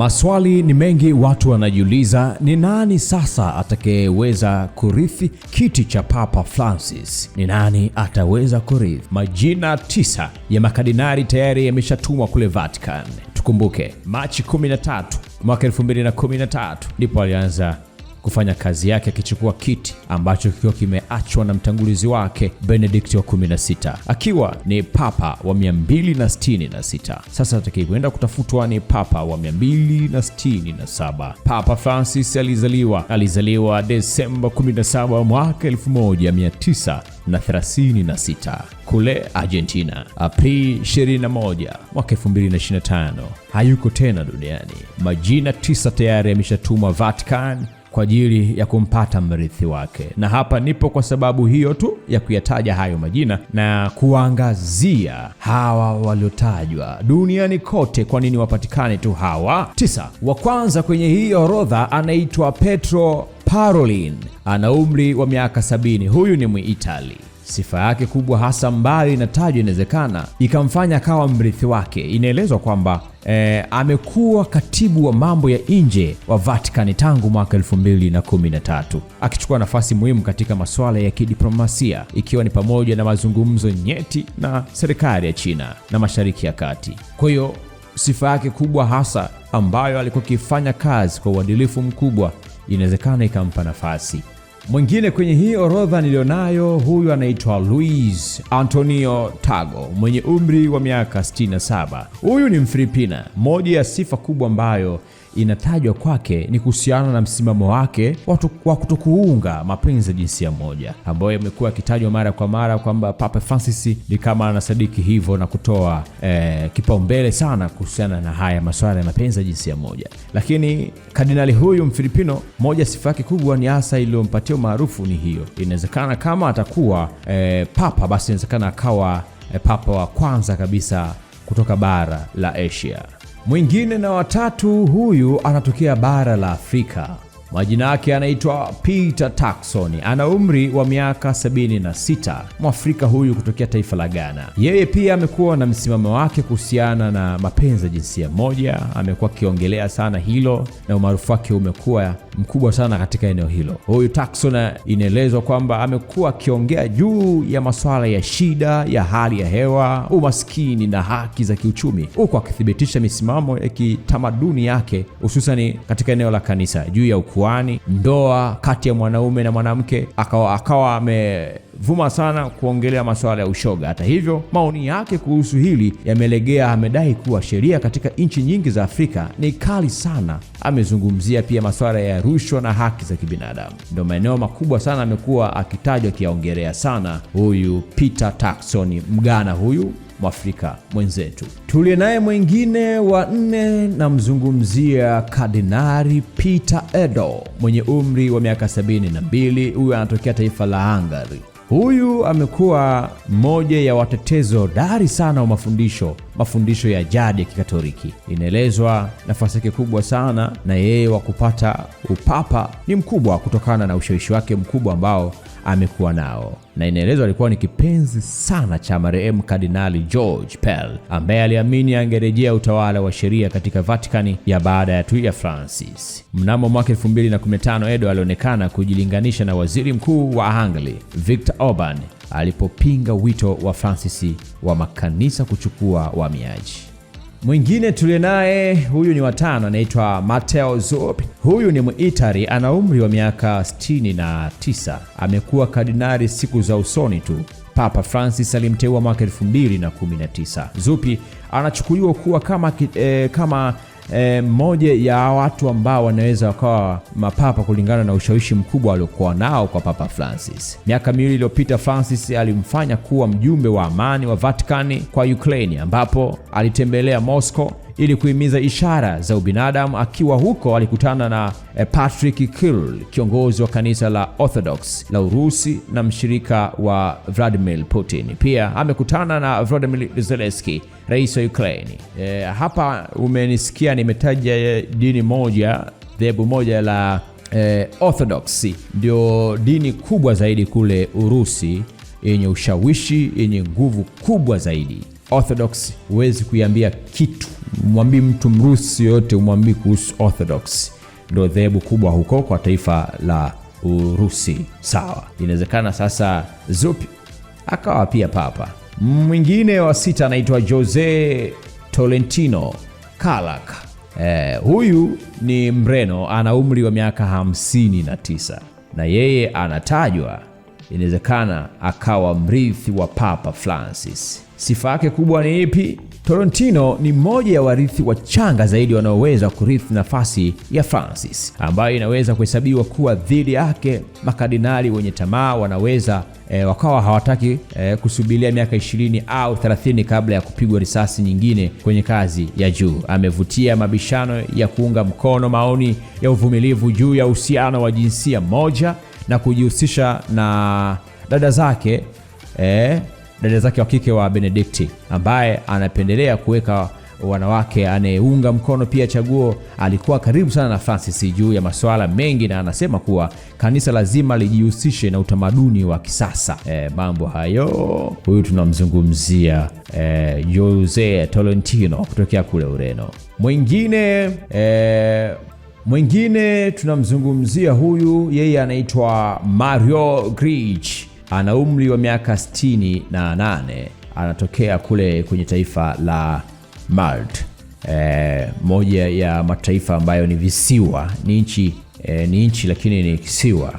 Maswali ni mengi, watu wanajiuliza ni nani sasa atakayeweza kurithi kiti cha Papa Francis? Ni nani ataweza kurithi? Majina tisa ya makadinari tayari yameshatumwa kule Vatican. Tukumbuke Machi 13 mwaka 2013 ndipo alianza kufanya kazi yake akichukua kiti ambacho kikiwa kimeachwa na mtangulizi wake Benedict wa 16 akiwa ni papa wa 266. Sasa atakayekwenda kutafutwa ni papa wa 267. Papa Francis alizaliwa alizaliwa Desemba 17 mwaka 36 kule Argentina, Aprili 21 mwaka 2025. Hayuko tena duniani, majina tisa tayari yameshatumwa Vatican kwa ajili ya kumpata mrithi wake. Na hapa nipo kwa sababu hiyo tu ya kuyataja hayo majina na kuangazia hawa waliotajwa duniani kote. Kwa nini wapatikane tu hawa tisa? Wa kwanza kwenye hii orodha anaitwa Petro Parolin, ana umri wa miaka sabini. Huyu ni Mwitali. Sifa yake kubwa hasa ambayo inatajwa inawezekana ikamfanya akawa mrithi wake, inaelezwa kwamba e, amekuwa katibu wa mambo ya nje wa Vatican tangu mwaka 2013 akichukua nafasi muhimu katika masuala ya kidiplomasia ikiwa ni pamoja na mazungumzo nyeti na serikali ya China na Mashariki ya Kati. Kwa hiyo sifa yake kubwa hasa ambayo alikuwa akifanya kazi kwa uadilifu mkubwa inawezekana ikampa nafasi Mwingine kwenye hii orodha nilionayo, huyu anaitwa Luis Antonio Tago mwenye umri wa miaka 67. Huyu ni Mfilipina. Moja ya sifa kubwa ambayo inatajwa kwake ni kuhusiana na msimamo wake wa kutokuunga mapenzi ya jinsia moja, ambayo yamekuwa yakitajwa mara kwa mara kwamba Papa Francis ni kama anasadiki hivyo na kutoa eh, kipaumbele sana kuhusiana na haya masuala ya mapenzi ya jinsia moja. Lakini kardinali huyu Mfilipino, moja sifa yake kubwa ni hasa iliyompatia umaarufu ni hiyo. Inawezekana kama atakuwa eh, papa, basi inawezekana akawa eh, papa wa kwanza kabisa kutoka bara la Asia mwingine na watatu. Huyu anatokea bara la Afrika. Majina yake anaitwa Peter Turkson, ana umri wa miaka 76, Mwafrika huyu kutokea taifa la Ghana. Yeye pia amekuwa na msimamo wake kuhusiana na mapenzi ya jinsia moja, amekuwa akiongelea sana hilo na umaarufu wake umekuwa mkubwa sana katika eneo hilo. Huyu Turkson eh, inaelezwa kwamba amekuwa akiongea juu ya masuala ya shida ya hali ya hewa, umaskini na haki za kiuchumi, huku akithibitisha misimamo ya kitamaduni yake hususani katika eneo la kanisa juu ya uku kifuani, ndoa kati ya mwanaume na mwanamke, akawa akawa amevuma sana kuongelea masuala ya ushoga. Hata hivyo, maoni yake kuhusu hili yamelegea. Amedai kuwa sheria katika nchi nyingi za Afrika ni kali sana. Amezungumzia pia masuala ya rushwa na haki za kibinadamu, ndio maeneo makubwa sana amekuwa akitajwa, akiyaongelea sana huyu Peter Turkson mgana huyu mwafrika mwenzetu. Tuliye naye mwingine wa nne, namzungumzia Kardinari Peter Edo mwenye umri wa miaka 72. Huyu anatokea taifa la Hungary. Huyu amekuwa mmoja ya watetezi hodari sana wa mafundisho mafundisho ya jadi ya Kikatoliki. Inaelezwa nafasi yake kubwa sana na yeye wa kupata upapa ni mkubwa kutokana na ushawishi wake mkubwa ambao amekuwa nao, na inaelezwa alikuwa ni kipenzi sana cha marehemu Kardinali George Pell ambaye aliamini angerejea utawala wa sheria katika Vatikani ya baada ya tu ya Francis. Mnamo mwaka 2015 Edo alionekana kujilinganisha na waziri mkuu wa Hungary Viktor Orban alipopinga wito wa Francis wa makanisa kuchukua wahamiaji. Mwingine tuliye naye huyu ni watano, anaitwa Matteo Zuppi. Huyu ni Muitali, ana umri wa miaka 69. Amekuwa kardinali siku za usoni tu. Papa Francis alimteua mwaka 2019. Zuppi anachukuliwa kuwa kama, eh, kama e, moja ya watu ambao wanaweza wakawa mapapa kulingana na ushawishi mkubwa aliokuwa nao kwa Papa Francis. Miaka miwili iliyopita, Francis alimfanya kuwa mjumbe wa amani wa Vatikani kwa Ukraine ambapo alitembelea Moscow ili kuhimiza ishara za ubinadamu. Akiwa huko alikutana na eh, Patrick Kirill, kiongozi wa kanisa la Orthodox la Urusi na mshirika wa Vladimir Putin. Pia amekutana na Volodymyr Zelensky, rais wa Ukraine. E, hapa umenisikia nimetaja eh, dini moja, dhehebu moja la e, Orthodox ndio dini kubwa zaidi kule Urusi yenye ushawishi yenye nguvu kubwa zaidi. Orthodox huwezi kuiambia kitu mwambii mtu mrusi yoyote, umwambii kuhusu Orthodox, ndo dhehebu kubwa huko kwa taifa la Urusi. Sawa, inawezekana sasa zupi akawa pia papa. Mwingine wa sita anaitwa Jose Tolentino Kalak. Eh, huyu ni Mreno, ana umri wa miaka 59 na yeye anatajwa inawezekana akawa mrithi wa Papa Francis. Sifa yake kubwa ni ipi? Torrentino ni mmoja ya warithi wachanga zaidi wanaoweza kurithi nafasi ya Francis, ambayo inaweza kuhesabiwa kuwa dhidi yake makardinali wenye tamaa wanaweza e, wakawa hawataki e, eh, kusubiria miaka 20 au 30 kabla ya kupigwa risasi nyingine kwenye kazi ya juu. Amevutia mabishano ya kuunga mkono maoni ya uvumilivu juu ya uhusiano wa jinsia moja na kujihusisha na dada zake e, dada zake wa kike wa Benedikti ambaye anapendelea kuweka wanawake anayeunga mkono pia chaguo. Alikuwa karibu sana na Francis juu ya masuala mengi, na anasema kuwa kanisa lazima lijihusishe na utamaduni wa kisasa. E, mambo hayo, huyu tunamzungumzia e, Jose Tolentino kutokea kule Ureno. Mwingine e, mwingine tunamzungumzia huyu, yeye anaitwa Mario Grech ana umri wa miaka 68, anatokea kule kwenye taifa la Malta, e, eh, moja ya mataifa ambayo ni visiwa, ni nchi e, ni nchi lakini ni kisiwa,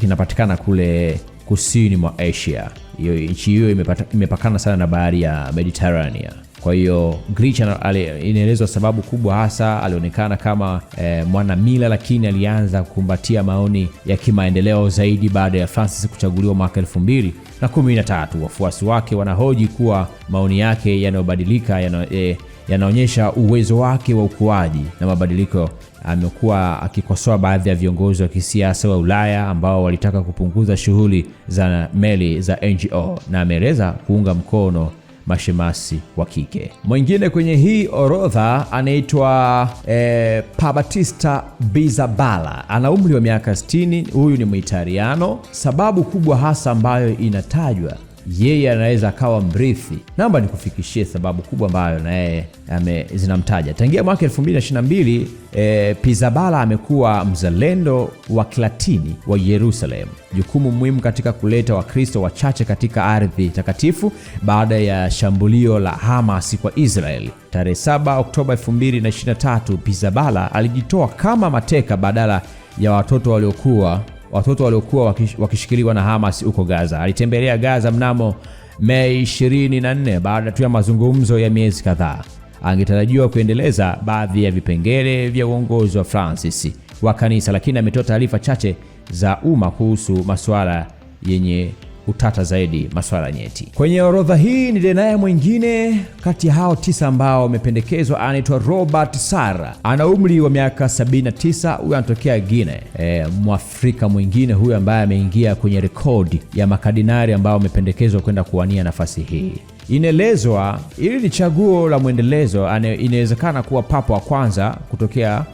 kinapatikana kule kusini mwa Asia. Hiyo nchi hiyo imepakana sana na bahari ya Mediterania. Kwa hiyo Grich inaelezwa sababu kubwa hasa alionekana kama eh, mwanamila, lakini alianza kukumbatia maoni ya kimaendeleo zaidi baada ya Francis kuchaguliwa mwaka elfu mbili na kumi na tatu. Wafuasi wake wanahoji kuwa maoni yake yanayobadilika yana, e, yanaonyesha uwezo wake wa ukuaji na mabadiliko. Amekuwa akikosoa baadhi ya viongozi wa kisiasa wa Ulaya ambao walitaka kupunguza shughuli za meli za NGO na ameeleza kuunga mkono mashemasi wa kike. Mwingine kwenye hii orodha anaitwa eh, Pabatista Bizabala, ana umri wa miaka 60. Huyu ni Muitaliano. Sababu kubwa hasa ambayo inatajwa yeye anaweza akawa mrithi. Naomba nikufikishie sababu kubwa ambayo yeye zinamtaja tangia mwaka 2022. E, eh, Pizabala amekuwa mzalendo wa Kilatini wa Yerusalemu, jukumu muhimu katika kuleta Wakristo wachache katika ardhi takatifu baada ya shambulio la Hamas kwa Israeli. Tarehe 7 Oktoba 2023, pizabala alijitoa kama mateka badala ya watoto waliokuwa watoto waliokuwa wakishikiliwa na Hamas huko Gaza. Alitembelea Gaza mnamo Mei 24 baada tu ya mazungumzo ya miezi kadhaa. Angetarajiwa kuendeleza baadhi ya vipengele vya uongozi wa Francis wa kanisa, lakini ametoa taarifa chache za umma kuhusu masuala yenye utata zaidi maswala nyeti. Kwenye orodha hii ni denaye mwingine kati ya hao tisa ambao wamependekezwa, anaitwa Robert Sara, ana umri wa miaka 79. Huyu anatokea Guinea. E, mwafrika mwingine huyu ambaye ameingia kwenye rekodi ya makadinari ambao wamependekezwa kwenda kuwania nafasi hii. Inaelezwa ili ni chaguo la mwendelezo, inawezekana kuwa papa wa kwanza kutokea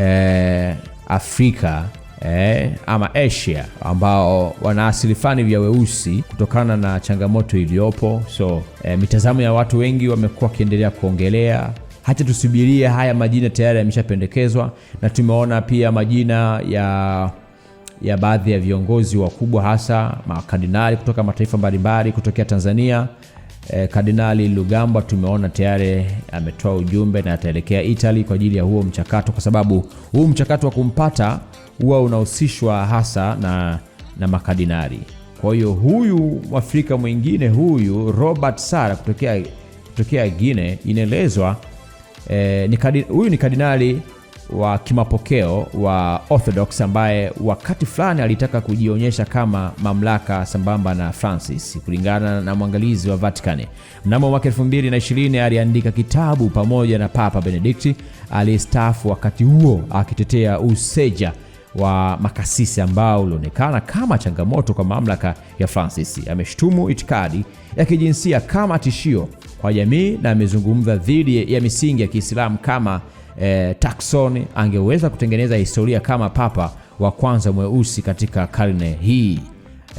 e, Afrika eh, ama Asia ambao wana asili fani vya weusi kutokana na changamoto iliyopo. So eh, mitazamo ya watu wengi wamekuwa wakiendelea kuongelea hata tusubirie haya majina tayari yameshapendekezwa, na tumeona pia majina ya ya baadhi ya viongozi wakubwa hasa makardinali kutoka mataifa mbalimbali kutokea Tanzania. Eh, Kardinali Lugamba tumeona tayari ametoa ujumbe na ataelekea Italy kwa ajili ya huo mchakato, kwa sababu huu mchakato wa kumpata huwa unahusishwa hasa na, na makadinari. Kwa hiyo huyu Mwafrika mwingine huyu Robert Sara kutokea, kutokea Guine inaelezwa eh, ni huyu ni kardinali wa kimapokeo wa Orthodox ambaye wakati fulani alitaka kujionyesha kama mamlaka sambamba na Francis. Kulingana na mwangalizi wa Vatican, mnamo mwaka 2020 aliandika kitabu pamoja na Papa Benedikti aliyestaafu wakati huo akitetea useja wa makasisi ambao ulionekana kama changamoto kwa mamlaka ya Francis. Ameshutumu itikadi ya kijinsia kama tishio kwa jamii na amezungumza dhidi ya misingi ya Kiislamu kama eh, Takson angeweza kutengeneza historia kama papa wa kwanza mweusi katika karne hii.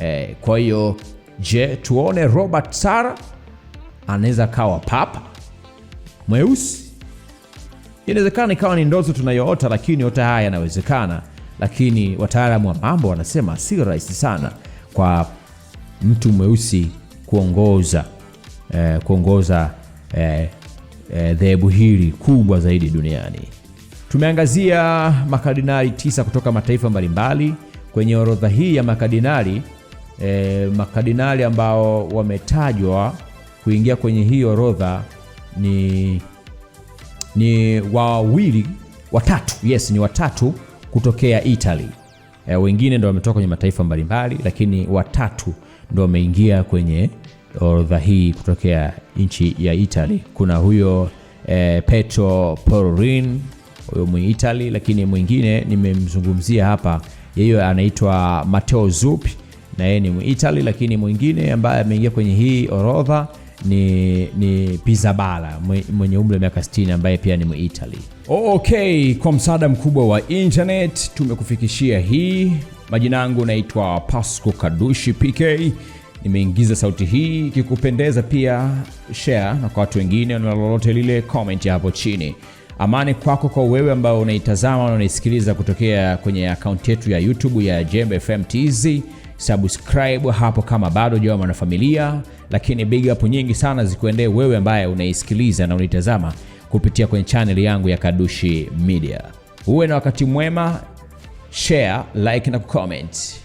Eh, kwa hiyo je, tuone Robert Sara anaweza kawa papa mweusi? Inawezekana ikawa ni ndoto tunayoota, lakini yote haya yanawezekana lakini wataalamu wa mambo wanasema si rahisi sana kwa mtu mweusi kuongoza eh, kuongoza eh, eh, dhehebu hili kubwa zaidi duniani. Tumeangazia makardinali tisa kutoka mataifa mbalimbali kwenye orodha hii ya makardinali eh, makardinali ambao wametajwa kuingia kwenye hii orodha ni, ni wawili watatu, yes, ni watatu kutokea Italy. E, wengine ndo wametoka kwenye mataifa mbalimbali, lakini watatu ndo wameingia kwenye orodha hii kutokea nchi ya Italy. Kuna huyo e, Petro Parolin huyo Italy, lakini mwingine nimemzungumzia hapa, yeye anaitwa Matteo Zuppi na yeye ni Italy, lakini mwingine ambaye ameingia kwenye hii orodha ni, ni pizabala mwenye umri wa miaka 60 ambaye pia ni Muitali. Okay, kwa msaada mkubwa wa internet tumekufikishia hii. Majina yangu naitwa Pasco Kadushi PK, nimeingiza sauti hii. Ikikupendeza pia share na kwa watu wengine, na lolote lile comment hapo chini. Amani kwako kwa wewe ambao unaitazama na unaisikiliza kutokea kwenye akaunti yetu ya YouTube ya Jembe FM TZ subscribe hapo kama bado jawa mwanafamilia, lakini big up nyingi sana zikuendee wewe ambaye unaisikiliza na unaitazama kupitia kwenye channel yangu ya Kadushi Media. Uwe na wakati mwema, share, like na comment.